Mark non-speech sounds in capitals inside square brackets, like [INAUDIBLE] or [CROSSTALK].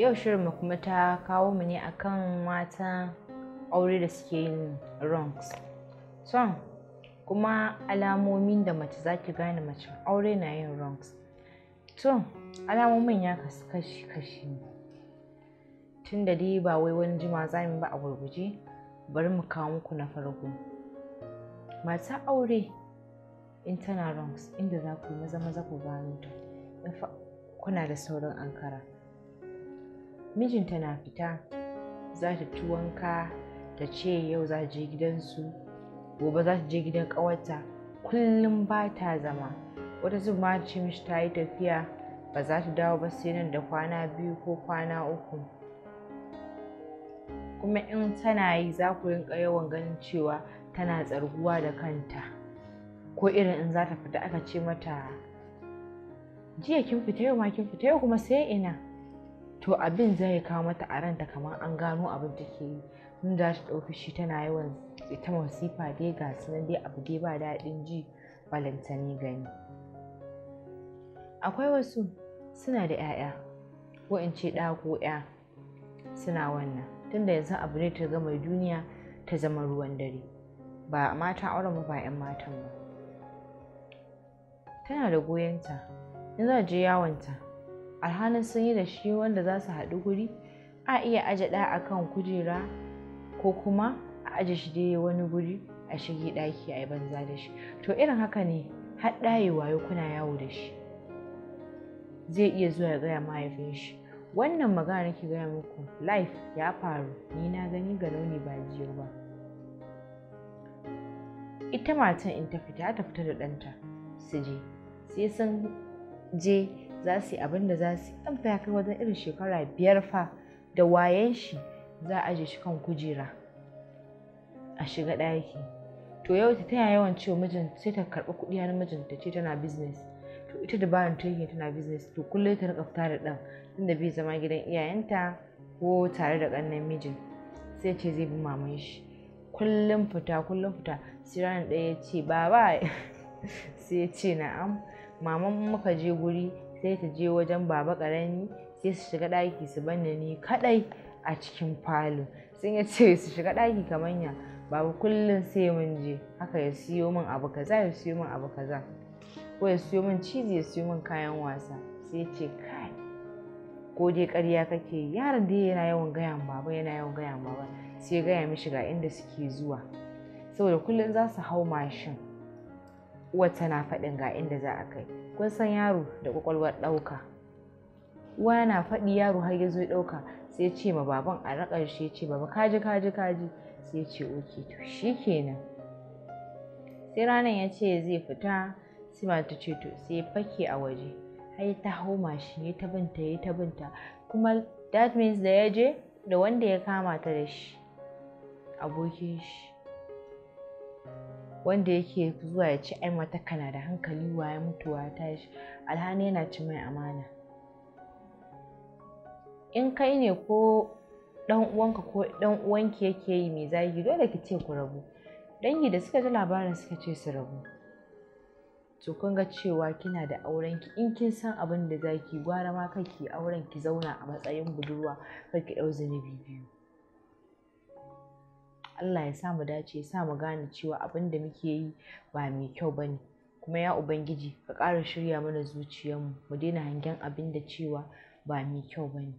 yau shirinmu kuma ta kawo mu ne akan matan aure da suke yin wrongs son kuma alamomin da mace za ki gane mace aure na yin wrongs to alamomin ya kasu kashi-kashi tun da dai ba wai wani jima za ba a gurguje bari mu kawo muku na farko mata aure in tana wrongs inda za ku yi maza maza ku gano ta kuna da saurin ankara mijinta na fita za ta ci wanka ta ce yau za ta je gidansu gobe za ta je gidan ƙawarta kullum ba ta zama wata su ma ce mishi ta yi tafiya ba za ta dawo ba sai nan da kwana biyu ko kwana uku kuma in tana yi za ku rinka yawan ganin cewa tana tsarguwa da kanta ko irin in za ta fita aka ce mata jiya kin fita yau ma kin fita yau kuma sai ina to abin zai kawo mata a ranta kamar an gano abin take yi tun da shi ɗauki shi tana yawan ita masifa dai ga sunan dai abu dai ba daɗin ji balantane gani akwai wasu suna da 'ya'ya ko in ce ɗa ko 'ya suna wannan tunda yanzu abu ne ta gama duniya ta zama ruwan dare ba mata auren ba 'yan matan ba tana da goyonta a je yawonta a sanyi sun da shi wanda za su haɗu guri a iya aje ɗa a kan kujera ko kuma a aje shi dai wani guri a shige ɗaki a yi banza da shi to irin haka ne har ɗaye wayo kuna yawo da shi zai iya zuwa ya gaya mahaifin shi wannan magana nake gaya muku life ya faru ni na gani ga launi ba jiyo ba ita matan in ta fita ta fita da ɗanta su je sai sun je za su yi abin da za su yi ya kai wajen irin shekara biyar fa da wayan shi za a je shi kan kujera a shiga ɗaki to yau ta tana yawan cewa mijin sai ta karɓi kuɗi na mijin ta ce tana business to ita da bayan ta yi tana business to kullum ta rika fita da ɗan tunda bai zama gidan iyayenta ko tare da ƙannen mijin sai ce zai bi maman shi kullum fita kullum fita sai ranar ɗaya ya ce baba [LAUGHS] sai ya ce na'am maman muka je guri sai ta je wajen baba karami sai su shiga ɗaki su banne ni kaɗai a cikin falo sun ya ce su shiga ɗaki kamar ya baba kullum sai mun je haka ya siyo min abu kaza ya siyo min abu kaza ko ya siyo min cizi ya siyo min kayan wasa sai ya ce kai ko dai ƙarya kake yaron dai yana yawan gaya baba yana yawan gaya baba sai gaya mishi ga inda suke zuwa saboda kullum za su hau mashin uwar tana faɗin ga inda za a kai kun san yaro da kwakwalwar ɗauka uwa na faɗi yaro har ya zo ɗauka sai ce ma baban a raƙar shi ce baba kaji kaji kaji sai ce oke to shi kenan sai ranar ya ce zai fita sai mata ce to sai ya fake a waje har ta hau mashi, ya ta binta ya ta binta kuma that means da ya je da wanda ya kama ta da shi abokin shi wanda yake zuwa ya ci ai mata kana da hankali waye mutuwa ta shi alhani yana ci mai amana in kai ne ko dan uwanka ko dan uwanki yake yi mai zagi dole ki ce ku rabu dangi da suka ji labarin suka ce su rabu to kun ga cewa kina da auren ki in kin san abin da zaki gwara ma kai ki auren ki zauna a matsayin budurwa kai ki dau zunubi biyu Allah ya sa mu dace ya sa mu gane cewa abin da muke yi ba mai kyau ba ne kuma ya ubangiji ka ƙara shirya mana zuciyarmu mu daina hangen abin da cewa ba mai kyau ba ne